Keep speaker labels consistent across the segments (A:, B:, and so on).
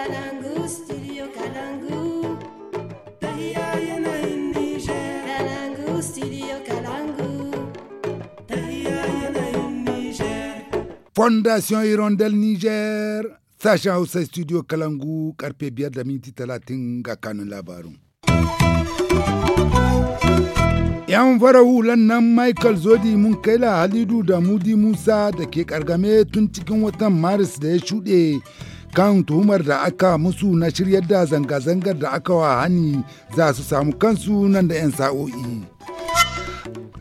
A: Kalangu, studio
B: Fondation Hirondelle Niger. Sacha Hausa Studio Kalangu karfe biyar da minti talatin ga kanun labarin. yan fara hulan nan michael zodi mun kai la halidu da mudi musa da ke kargame tun cikin watan maris da ya shuɗe kan tuhumar da aka musu na shiryar da zanga-zangar da aka wa hani za su samu kansu nan da 'yan sa'o'i.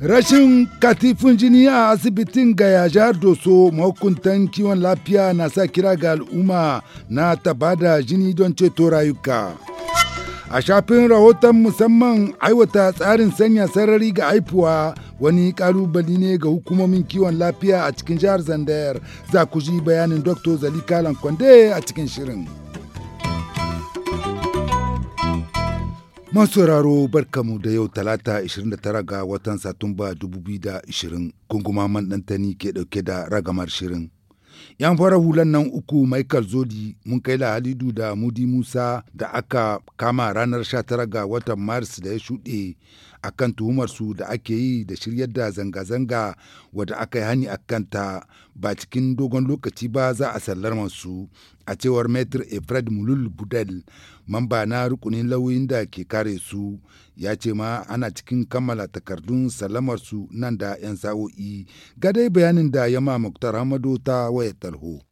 B: Rashin katifin jini a asibitin gaya jihar Doso mahukuntan kiwon lafiya na sa kira ga al'umma na tabada jini don ceto rayuka. a shafin rahoton musamman aiwata tsarin sanya sarari ga haifuwa wani ƙalubali ne ga hukumomin kiwon lafiya a cikin jihar zandayar za ku ji bayanin dr zalika lankwande a cikin shirin Masu masauraro barkamu da yau talata 29 ga watan satumba 2020 kunguma man ɗantani ke ɗauke da ragamar shirin 'Yan fara hulan nan uku Michael Zodi mun kai Halidu da Mudi Musa da aka kama ranar 19 ga watan Maris da ya shuɗe akan su da ake yi da shiryar da zanga-zanga wadda aka yi hani a kanta ba cikin dogon lokaci ba za a sallar su a cewar metr efred mulul budel mamba na rukunin lauyin da ke kare su ya ce ma ana cikin kammala takardun salamarsu nan da 'yan sa'o'i ga dai bayanin da yama muktar hamado ta wayar tarho.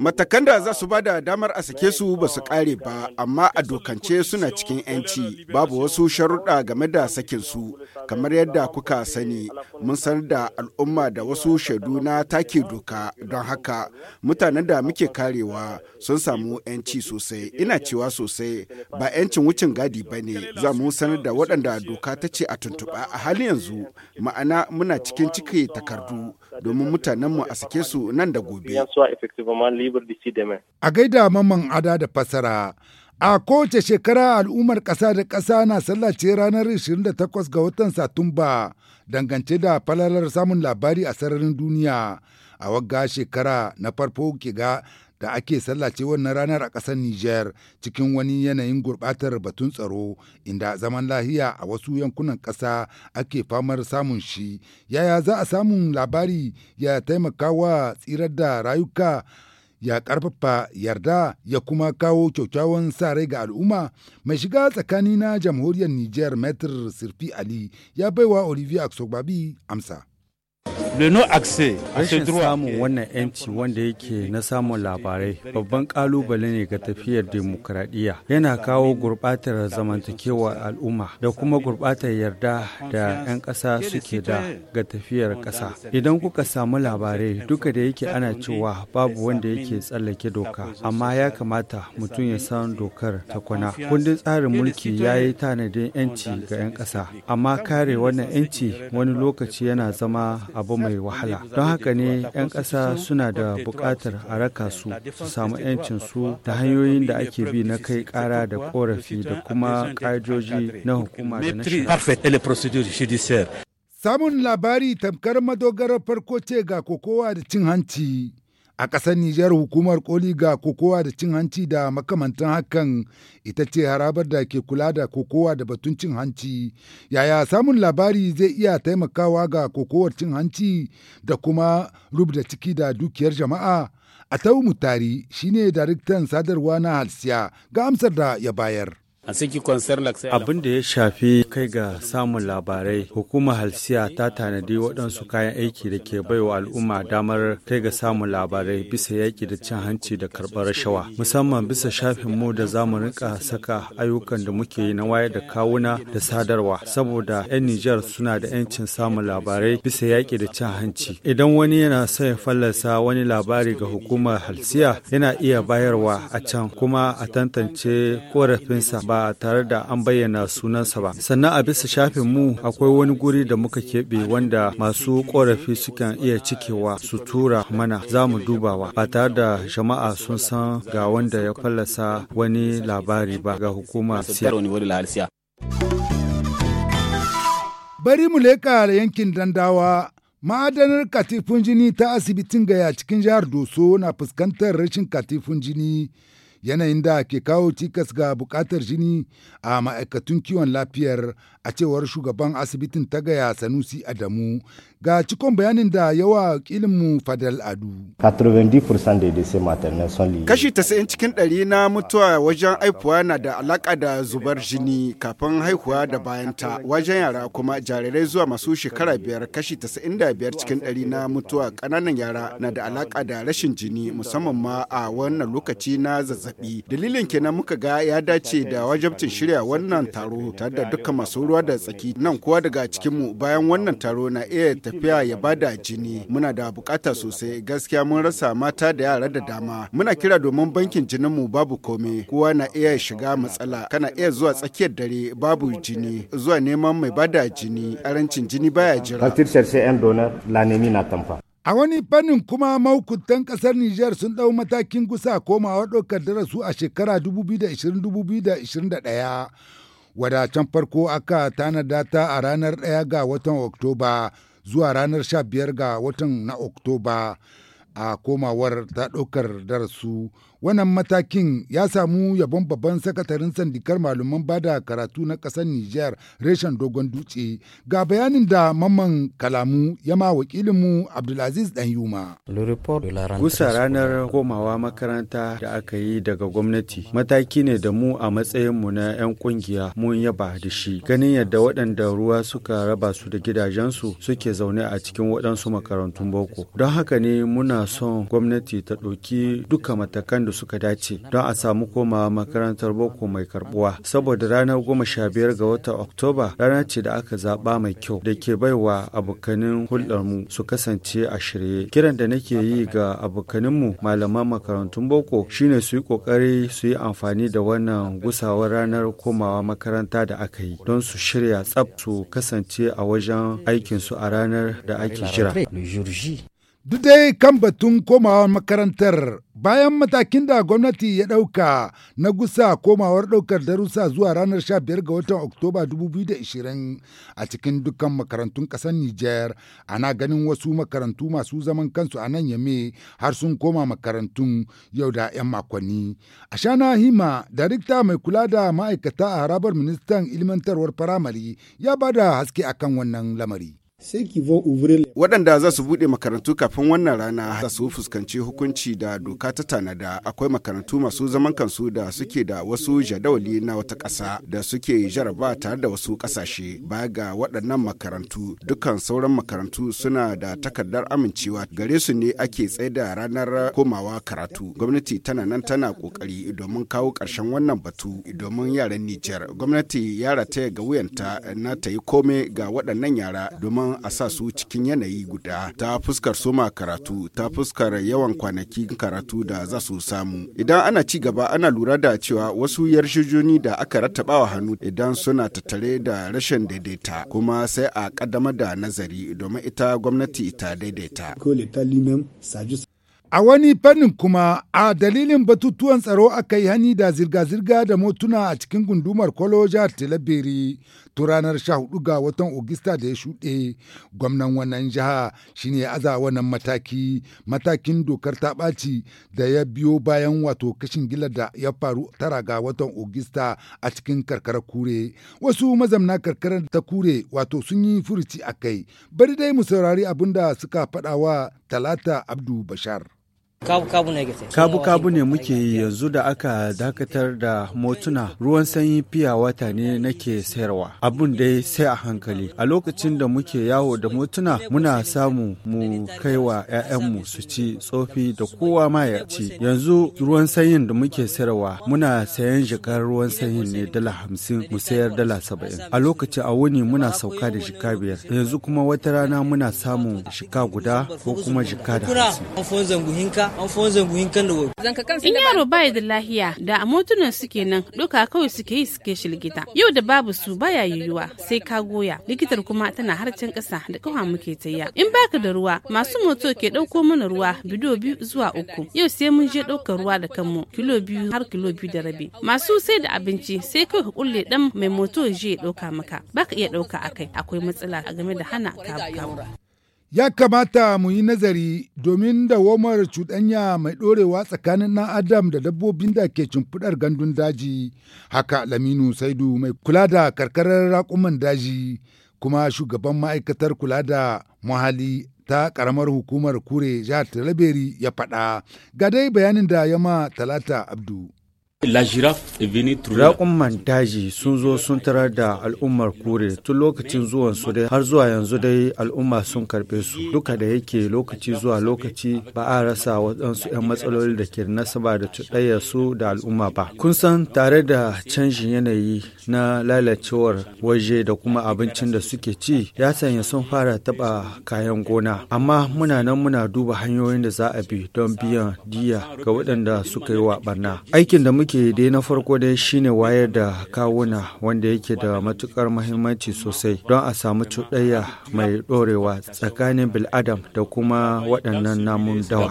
C: Matakan da za su ba da damar a sake su ba su kare ba, amma a dokance suna cikin 'yanci babu wasu sharuɗa game da sakin su, kamar yadda kuka sani mun san da al'umma da wasu shaidu na take doka don haka mutanen da muke karewa sun samu 'yanci sosai, ina cewa sosai ba 'yancin wucin gadi ba ne za mu sanar da waɗanda doka ta ce a tuntuɓa a halin yanzu ma'ana muna cikin cike takardu domin mutanenmu a sake su nan da gobe. A gaida mamman ada da fasara. A kowace shekara
B: al'ummar ƙasa da kasa na sallace ranar 28 ga watan Satumba dangance da falalar samun labari a sararin duniya. A wagga shekara na farko ga. da ake sallace wannan ranar a ƙasar Nijar cikin wani yanayin gurɓatar batun tsaro inda zaman lahiya a wasu yankunan ƙasa ake famar samun shi. Yaya za a samun labari ya taimaka wa tsirar da rayuka ya ƙarfafa yarda ya kuma kawo kyakkyawan sa rai ga al'umma mai shiga tsakani na jamhuriyar Nijar Metr Sirfi Ali ya baiwa Olivier Aksogbabi
D: amsa. droit samun wannan 'yanci wanda yake na samun labarai babban kalubale ne ga tafiyar demokradiyya yana kawo gurbatar zamantakewar al'umma da kuma gurbatar yarda da 'yan ƙasa suke da ga tafiyar ƙasa. Idan kuka samu labarai duka da yake ana cewa babu wanda yake tsallake doka amma ya kamata mutum ya san dokar takwana kwana. Kundin tsarin mulki ya yi tanadin 'yanci ga 'yan ƙasa amma kare wannan 'yanci wani lokaci yana zama abin mai wahala don haka ne 'yan ƙasa suna da buƙatar a raka su su samu 'yancin su da hanyoyin da ake bi na kai ƙara da ƙorafi da kuma ƙa'idoji na hukuma da na Samun
B: labari tamkar madogarar farko ce ga kokowa da cin hanci. A ƙasar Nijar hukumar koli ga kokowa da cin hanci da makamantan hakan ita ce harabar da ke kula da kokowa da batun cin hanci. Yaya samun labari zai iya taimakawa ga kokowar cin hanci da kuma rubda ciki da dukiyar jama'a? A Atau Mutari shine daraktan sadarwa na Halsiya ga amsar da ya bayar.
C: Abin
D: da ya shafi kai ga samun labarai, hukumar halsiya ta tanadi waɗansu kayan aiki da ke baiwa al'umma damar kai ga samun labarai bisa yaƙi da cin hanci da karɓar rashawa. Musamman bisa shafin mu da zamu rika saka ayyukan da muke yi na wayar da kawuna da sadarwa, saboda 'yan Nijar suna da 'yancin samun labarai bisa yaƙi da cin hanci. Idan wani yana son ya fallasa wani labari ga hukumar halsiya, yana iya bayarwa a can kuma a tantance korafinsa ba tare da an bayyana sunansa ba. Sannan a bisa shafin mu akwai wani guri da muka keɓe wanda masu ƙorafi suka iya cikewa su tura mana za mu dubawa ba tare da jama'a sun san ga wanda ya fallasa wani labari ba ga hukumar
B: Bari mu leƙa yankin dandawa ma'adanar katifun jini ta asibitin gaya cikin jihar doso na fuskantar rashin katifun jini yanayin da ke kawo cikas ga bukatar jini a ma'aikatun kiwon lafiyar a cewar shugaban asibitin ta gaya sanusi adamu
C: ga cikon bayanin da yawa kilinmu fadal adu.
D: 90% Kashi
C: 90 cikin 100 na mutuwa wajen haihuwa na da alaka da zubar jini kafin haihuwa da bayanta wajen yara kuma jarirai zuwa masu shekara biyar kashi 95 cikin 100 na mutuwa ƙananan yara na da alaka da rashin jini musamman ma a wannan lokaci na zazzabi. zaɓi. Dalilin kenan muka ga ya dace da wajabcin shirya wannan taro tare da dukkan masu ruwa da tsaki nan kowa daga cikinmu bayan wannan taro na iya tafiya ya bada jini muna da bukata sosai gaskiya mun rasa mata da yara da dama muna kira domin bankin jinin mu babu komai kowa na iya shiga matsala kana iya zuwa tsakiyar dare babu jini zuwa neman mai bada jini arancin jini baya jira. A wani fannin kuma maukutan ƙasar Nijar sun
B: ɗau matakin gusa komawa ɗaukar darasu a shekara 2020-2021. Wadatan farko aka tanada ta a ranar 1 ga watan Oktoba zuwa ranar 15 ga watan na Oktoba a komawar ta ɗaukar darasu Wannan matakin ya samu yabon babban sakatarin sandikar malaman ba da karatu na ƙasar Nijar reshen dogon dutse ga bayanin da mamman kalamu ya ma wakilinmu Abdulaziz dan yuma.
D: gusa ranar komawa makaranta da aka yi daga gwamnati mataki ne da mu a matsayinmu na 'yan kungiya mun yaba da shi ganin yadda waɗanda ruwa suka raba su da gidajensu suke zaune a cikin waɗansu makarantun boko. Don haka ne muna son gwamnati ta ɗauki duka matakan da da suka dace don a samu komawa makarantar boko mai karbuwa saboda ranar goma sha biyar ga watan oktoba rana ce da aka zaba mai kyau da ke baiwa abokanin hulɗarmu su kasance a shirye kiran da nake yi ga abokaninmu malaman makarantun boko shine su yi kokari su yi amfani da wannan gusawar ranar komawa makaranta da aka yi don su shirya tsaf su kasance a wajen aikinsu a ranar da ake jira
B: Duk dai kan batun komawar makarantar bayan matakin da gwamnati ya ɗauka na gusa komawar ɗaukar darussa zuwa ranar 15 ga watan Oktoba 2020 a cikin dukkan makarantun ƙasar Nijar ana ganin wasu makarantu masu zaman kansu a nan yame har sun koma makarantun yau da 'yan makonni. a Ashana Hima, darikta mai kula da ma'aikata a harabar ministan ilmantarwar firamare ya bada haske akan wannan lamari.
C: Waɗanda za su buɗe makarantu kafin wannan rana za su fuskanci hukunci da doka ta tanada akwai makarantu masu zaman kansu da suke da wasu jadawali na wata ƙasa da suke jaraba tare da wasu ƙasashe ba ga waɗannan makarantu dukkan sauran makarantu suna da takardar amincewa gare su ne ake da ranar komawa karatu gwamnati tana nan tana ƙoƙari domin kawo ƙarshen wannan batu domin yaran Nijar gwamnati ya rataya ga wuyanta na ta yi kome ga waɗannan yara domin a sa su cikin yanayi guda ta fuskar soma karatu ta fuskar yawan kwanakin karatu da za su samu idan ana ci gaba ana lura da cewa wasu yarjejoni da aka rattabawa hannu idan suna tattare da rashin daidaita kuma sai a kaddama da nazari domin ita gwamnati ta daidaita A wani fannin
B: kuma a dalilin batutuwan tsaro aka yi hani da zirga-zirga da motuna a cikin gundumar Kwalo jihar Talabiri tun ranar 14 ga watan Ogista da ya shuɗe gwamnan wannan jiha shine ya aza wannan mataki matakin dokar ta ɓaci da ya biyo bayan wato kashin gila da ya faru tara ga watan Ogista a cikin karkarar kure. Wasu mazamna karkarar ta kure wato sun yi furuci a kai. Bari dai mu saurari abin da suka faɗa wa Talata
D: Abdu Bashar. Kabu-kabu ne muke yi yanzu da aka dakatar da motuna ruwan sanyi fiya wata ne nake sayarwa. Abun dai sai a hankali. A lokacin da muke yawo da motuna muna samu mu kai wa 'ya'yanmu su ci tsofi da kowa ma ya ci. Yanzu ruwan sanyin da muke sayarwa muna sayan jikar ruwan sanyin ne dala hamsin mu sayar dala saba'in. A lokacin a wuni muna sauka da jika biyar. Yanzu kuma wata rana muna samun jika guda ko kuma jika da
C: hamsin. In
A: yaro baya da lahiya da a motunan suke nan duka kawai suke yi suke shi likita Yau da babu su baya yiwuwa sai ka goya. Likitar kuma tana harcen kasa da kawa muke tayya. In baka da ruwa masu moto ke dauko mana ruwa bido biyu zuwa uku. Yau sai mun je ɗaukar ruwa da kanmu kilo biyu har kilo biyu da rabi. Masu sai da abinci sai kai ka kulle dan mai moto je ya dauka maka. Baka iya dauka akai akwai matsala game da hana kabu kabu.
B: Ya kamata mu yi nazari domin da womar cuɗanya mai ɗorewa tsakanin ɗan Adam da dabbobin da ke cimfiɗar gandun daji, haka Laminu Saidu mai kula da karkarar raƙuman daji, kuma shugaban ma'aikatar kula da muhalli ta karamar hukumar kure jihar talaberi ya faɗa ga dai bayanin da ya ma talata abdu
D: Raƙumman daji sun zo sun tarar da al'ummar kure tun lokacin zuwan su dai har zuwa yanzu dai al'umma sun karɓe su duka da yake lokaci zuwa lokaci ba a rasa waɗansu 'yan matsaloli da ke nasaba da cuɗayyar su da al'umma ba. Kun san tare da canjin yanayi na lalacewar waje da kuma abincin da suke ci ya sanya sun fara taɓa kayan gona amma muna nan muna duba hanyoyin da za a bi don biyan diya ga waɗanda suka yi wa barna. Aikin da muke muke dai na farko dai shine wayar da kawuna wanda yake da matukar mahimmanci sosai don a samu cuɗayya mai ɗorewa tsakanin bil'adam da kuma waɗannan namun dawa.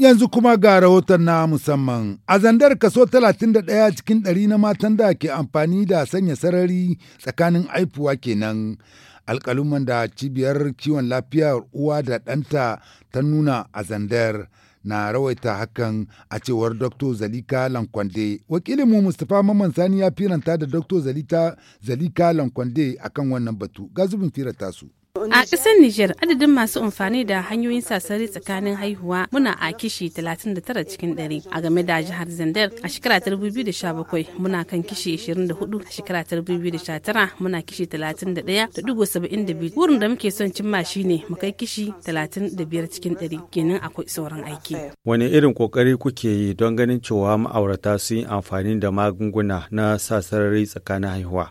C: Yanzu
B: kuma ga rahoton na musamman. A zandar kaso 31 cikin ɗari na matan da ke amfani da sanya sarari tsakanin aifuwa kenan. Alƙaluman da cibiyar kiwon lafiyar uwa da ɗanta ta nuna a zandar. na rawaita hakan a cewar dr zalika lankwande wakilinmu mustapha maman sani ya firanta da dr zalika lankwande akan wannan batu ga zubin firanta su
A: A ƙasar Nijar, adadin masu amfani da hanyoyin sasari tsakanin haihuwa muna a kishi 39 cikin 100 A game da jihar Zandar, a shekara 2017 muna kan kishi 24, a shekara 2019 muna kishi 31.72. Wurin da muke son cimma shine mu kai kishi 35 cikin 100 kenan akwai sauran aiki.
D: Wani irin ƙoƙari kuke yi don ganin cewa ma'aurata sun yi amfani da magunguna na sasarari tsakanin haihuwa?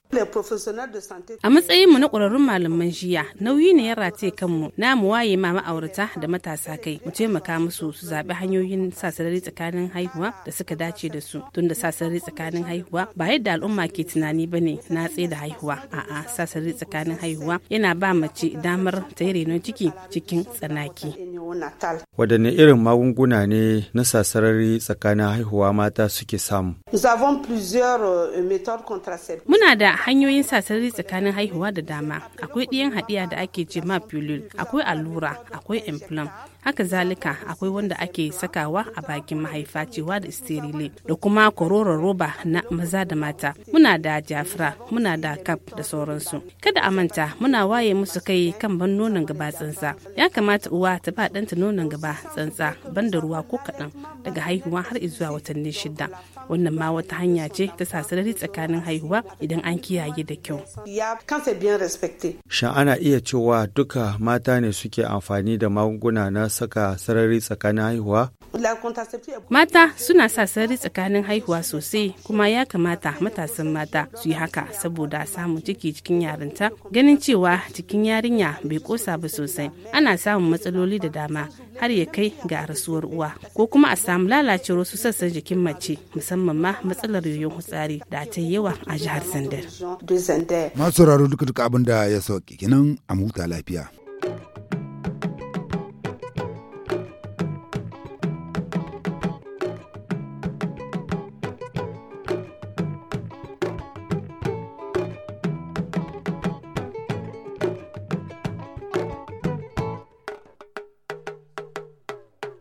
A: A matsayinmu na ƙwararrun malaman jiya, nauyi ne ya rataye kanmu na mu waye ma ma'aurata da matasa kai mu taimaka musu su zaɓi hanyoyin sa sarari tsakanin haihuwa da suka dace da su tunda sa sarari tsakanin haihuwa ba yadda al'umma ke tunani ba ne na tsaye da haihuwa a'a sa sarari tsakanin haihuwa yana ba mace damar ta yi renon ciki cikin tsanaki.
D: Wadanne irin magunguna ne na sasarari tsakanin haihuwa mata suke samu?
A: Euh, Muna da hanyoyin sasarari tsakanin haihuwa da dama. Akwai ɗiyan haɗiya da ake ake ce ma pilul akwai allura akwai implant haka zalika akwai wanda ake sakawa a bakin mahaifa cewa da sterile da kuma kororon roba na maza da mata muna da jafra muna da kap da sauransu kada a manta muna waye musu kai kan ban nonon gaba tsantsa ya kamata uwa ta ba ɗanta nonon gaba tsantsa ban da ruwa ko kaɗan daga haihuwa har zuwa watanni shida wannan ma wata hanya ce ta sasarari tsakanin haihuwa idan an kiyaye da kyau
D: sha'ana iya cewa wa duka mata ne suke amfani da magunguna na saka sarari tsakanin haihuwa?
A: Mata suna sa sarari tsakanin haihuwa sosai kuma ya kamata matasan mata su yi haka saboda samun ciki cikin yarinta ganin cewa cikin yarinya bai kosa ba sosai ana samun matsaloli da dama har ya kai ga rasuwar uwa ko kuma a samu lalacewar wasu sassan jikin mace musamman ma matsalar yoyon hutsari da ta yawa a jihar Zandar.
B: Masu raro duka duka abin ya sauke kenan a huta lafiya.